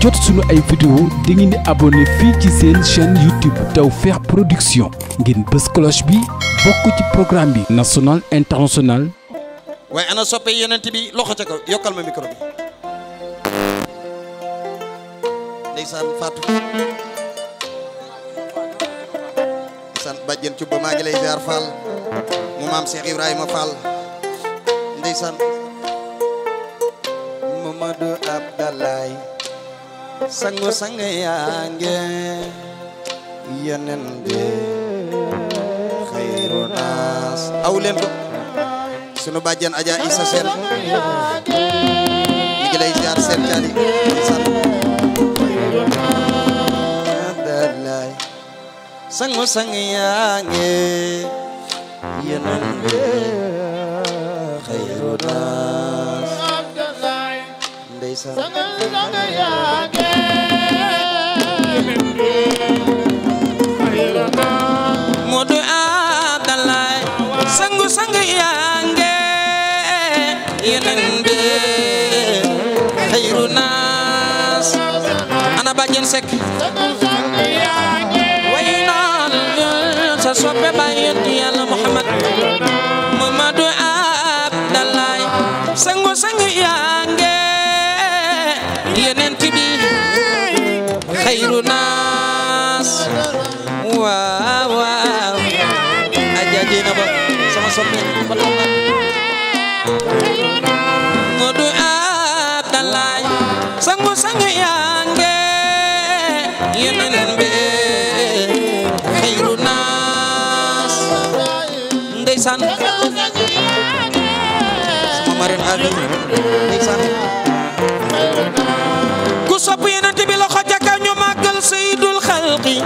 jot suñu ay vidéo da ngeen di abonné fii ci seen chaîne YouTube Tawfekh Production ngeen bës cloche bi bokk ci programme bi national international waaye ana soppe yonent bi loxo ca kaw yokkal ma micro bi ndeysaan Fatou ndeysaan maa ngi lay ziar Fall mu maam Cheikh Ibrahima Fall ndeysaan Mamadou Abdalaay sangu sang yaa nge yenen bi aw leen sunu bàjjen Adja Issa Seen ñu ngi sangu sang yaa nge yenen bi sangu sangu yaa yeneen be xayru naas ndeysaan sama marine Adam ndeysaan ku sopp yeneen bi loxo ca kaw ñu màggal sayyidul xalqi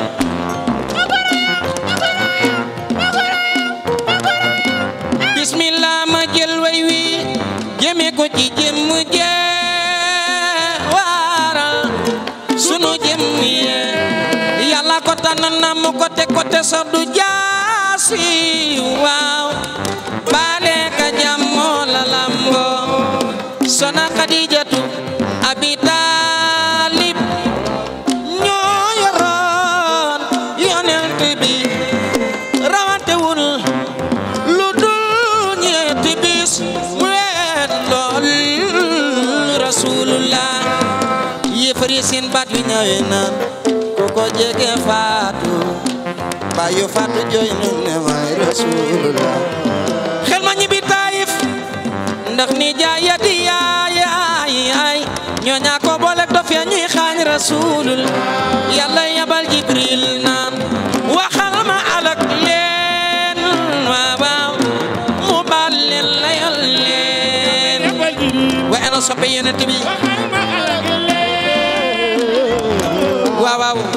bismillah ma jël way wi jëme ko ci jëmm ja na nam kote kote soddu jaasi waaw baale ka jammo la lambo sona Xadijatu abi taalib ñoo yoroon yonent bi rawantewul lu dul ñetti bis weet lool rasulullah yéefari seen baat wi ñëwee na ko jege faatu bàyyu faatu jooy nu ne waay rasulullah xel ma ñibbi taayif ndax ni jaayati yaay yaay yaay ñooña ko boole dof ya ñuy xaañ rasulul yàlla yabal jibril naan waxal ma alak leen ma baaw mu baal leen layal leen wa ana soppe yonent bi waaw waaw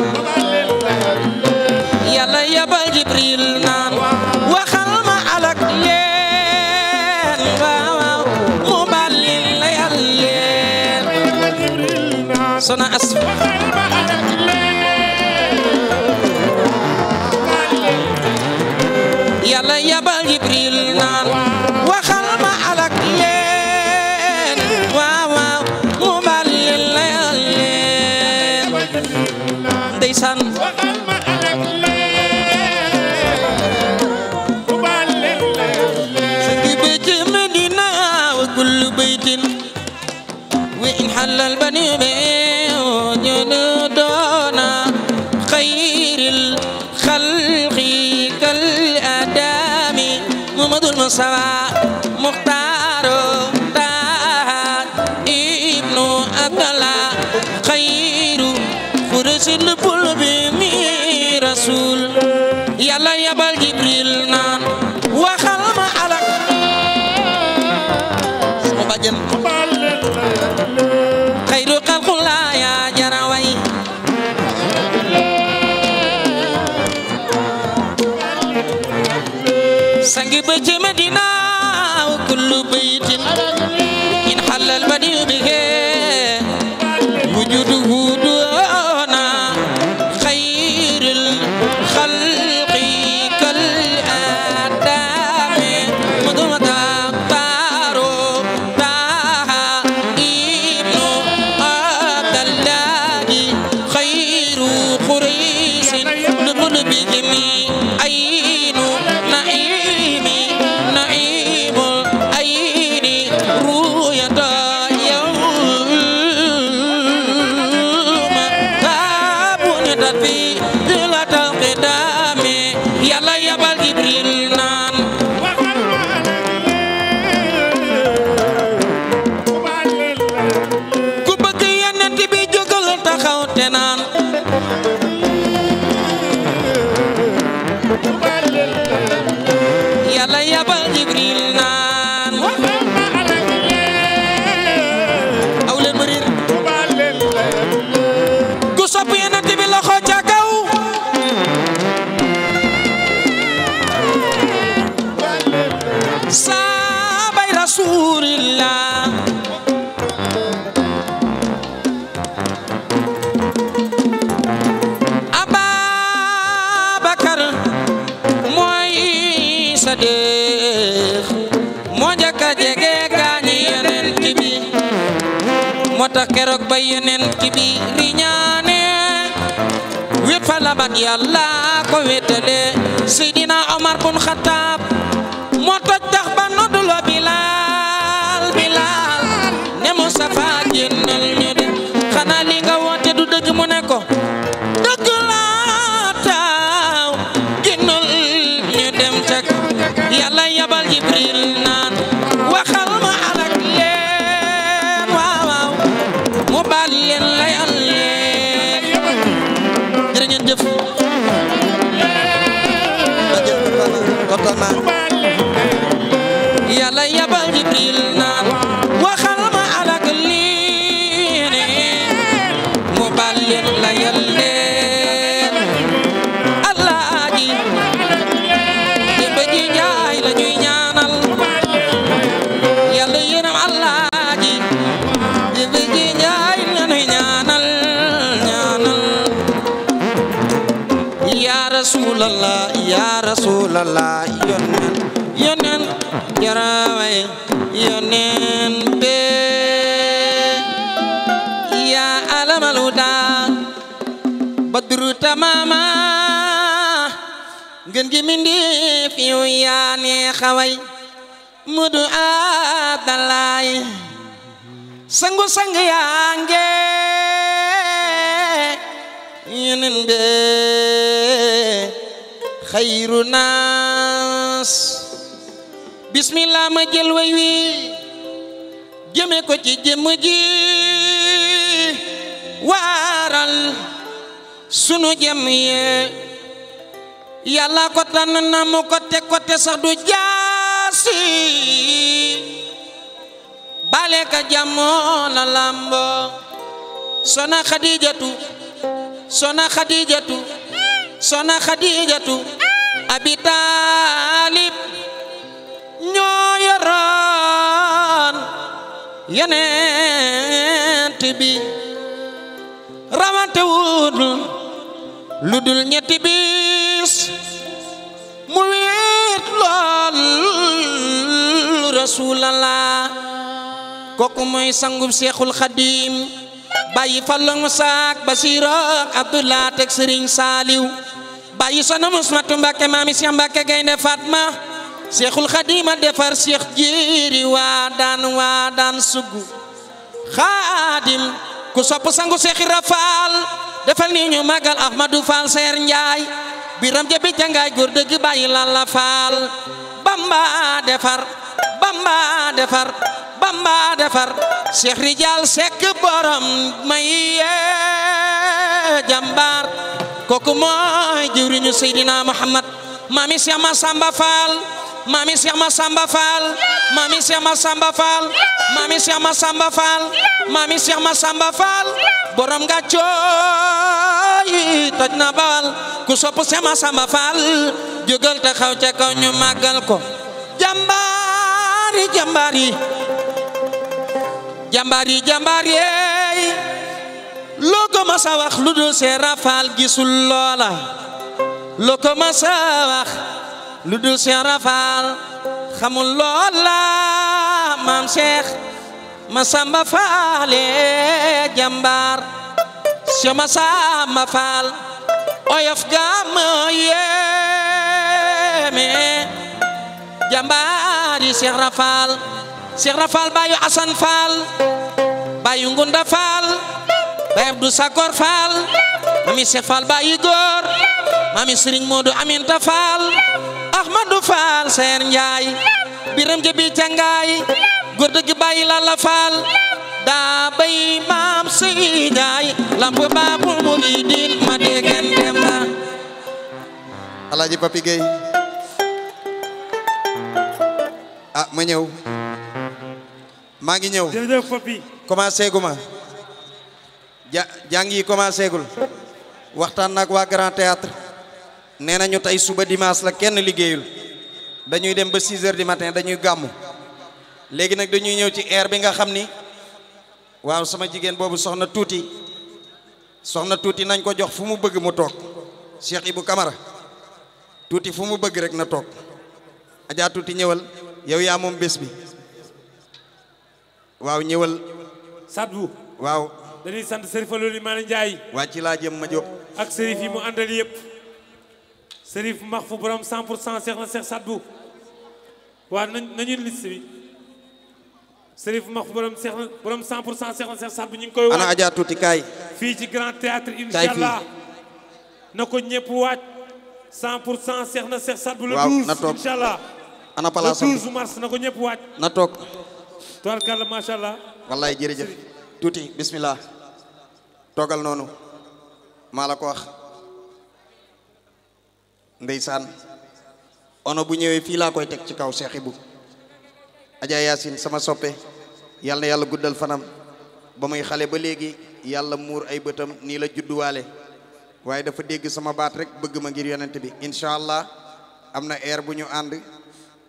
sona as yàlla yabal Jibril naan waxal ma alak yee خير خرج البلب مي رسول يلا يا بال جبريل نان وخل ما على مبجن خير خلق الله يا جراوي سنگ بچ مدينه وكل بيت ان حل البديع بخير ñàkk a jege moo tax keroog ba yonent bi riñaane wét fa la yàlla ko wéetale Seydina Omar bun Xataab moo toj tax ba nodduloo Bilaal Bilaal ne Mustafa génn yaa rasuulallah yaa rasuulallah yonen yonen jaraway yonen be yaa alamal badru tamama ngeen gi mindi fi yaa neexa way mudu abdalay sangu sang yaa ngee yonen be xayru naas bismillah ma jël way wi jëme ko ci jëmm ji waaral sunu jëm yee yàlla ko tànn na mu ko te ko du jaasi bale ka jàmmoo la làmbo sona xadijatu sona xadijatu sona xadijatu abi taalib ñoo yoroon yonent bi rawantewul lu dul ñetti bis mu wéet lool rasulallah kooku mooy sangub seexul xadim bàyyi falloŋ saak basiirook abdullah teg sëriñ saaliw bàyyi sono musmatu mbàkke maami Cheikh Mbàkke gaynde Fatma Cheikhul Xadima defar Cheikh jiiri waa daan waa daan sugg xaadim ku sopp sangu Cheikh Ibra defal ni ñu magal Ahmadou Fall Seer Njaay biram jabi jangaay góor dëgg bàyyi Lalla Fall Bamba defar Bamba defar Bamba defar Cheikh borom may jamba kooku mooy jëwriñu Seydina Muhammad maami Cheikh Massamba Fall maami Cheikh Massamba Fall maami Cheikh Massamba Fall maami Cheikh Massamba Fall borom gàccooy toj na bawal ku sopp Cheikh Massamba Fall jógal te xaw ca kaw ñu màggal ko jàmbaari jàmbaari jàmbaari jàmbaari loo ko mas a wax lu dul see rafaal gisul loola loo ko mas a wax lu dul see rafaal xamul loola maam Cheikh Masamba Faale jàmbaar Cheikh Masamba Faal oyof gaama yéeme jàmbaar yi Cheikh Rafaal Cheikh Rafaal baayu Asan Faal baayu Ngunda Faal Baye Abdou Sakor Fall mami Cheikh Fall Baye Góor mami Serigne Modou Aminta Fall Ahmadou Fall Seer Njaay Biram Jabi Cangaay góor dëgg Baye Lalla Fall daa bay maam si Njaay lamp Baabul Muridiin ma déggan dem na Alaaji Papi Gueye ah, ma ñëw maa ngi ñëw jërëjëf Papi commencé guma ja jàng yi commencé gul waxtaan nag waa Grand Théâtre nee nañu tey suba dimanche la kenn liggéeyul dañuy dem ba 6 heures du matin dañuy gàmmu léegi nag dañuy ñëw ci air bi nga xam ni waaw sama jigéen boobu soxna tuuti soxna tuuti nañ ko jox fu mu bëgg mu toog Cheikh bu Camara tuuti fu mu bëgg rek na toog ajaa tuuti ñëwal yow yaa moom bés bi waaw ñëwal Sadou waaw dañuy sant Serif Alioune Maane Ndiaye. waa ci laa jëm ma ak Serif yi mu àndal yëpp. Serif Maxfu fu 100 pour 100 Cheikh na Cheikh Sadbu. waa nañu nañu liste bi. Serif Maxfu borom Cheikh na borom 100 pour 100 Cheikh na Sadbu ñu ngi koy. ana Adja tuuti kaay. fii ci grand théâtre incha allah na ko ñëpp waat 100 pour 100 Cheikh na Cheikh Sadbu. waaw toog le 12 incha allah. ana place le 12 ko ñëpp waaj. na toog. tubaarkàlla macha allah. wallaay jërëjëf. tuuti bismillah toogal noonu maa la ko wax ndeysaan ono bu ñëwee fii laa koy teg ci kaw Cheikh bu Adja Yacine sama soppe yàlla yàlla guddal fanam ba muy xale ba léegi yàlla muur ay bëtam nii la judduwaale waaye dafa dégg sama baat rek bëgg ma ngir yonent bi incha allah am na air bu ñu ànd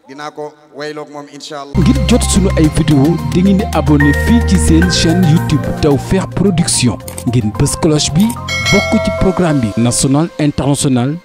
dinaa ko wayloog moom incha allah. ngir jot sunu ay vidéo di ngeen di abonné fii ci seen chaîne YouTube Tawfekh Production ngeen bës cloche bi bokk ci programme bi national international.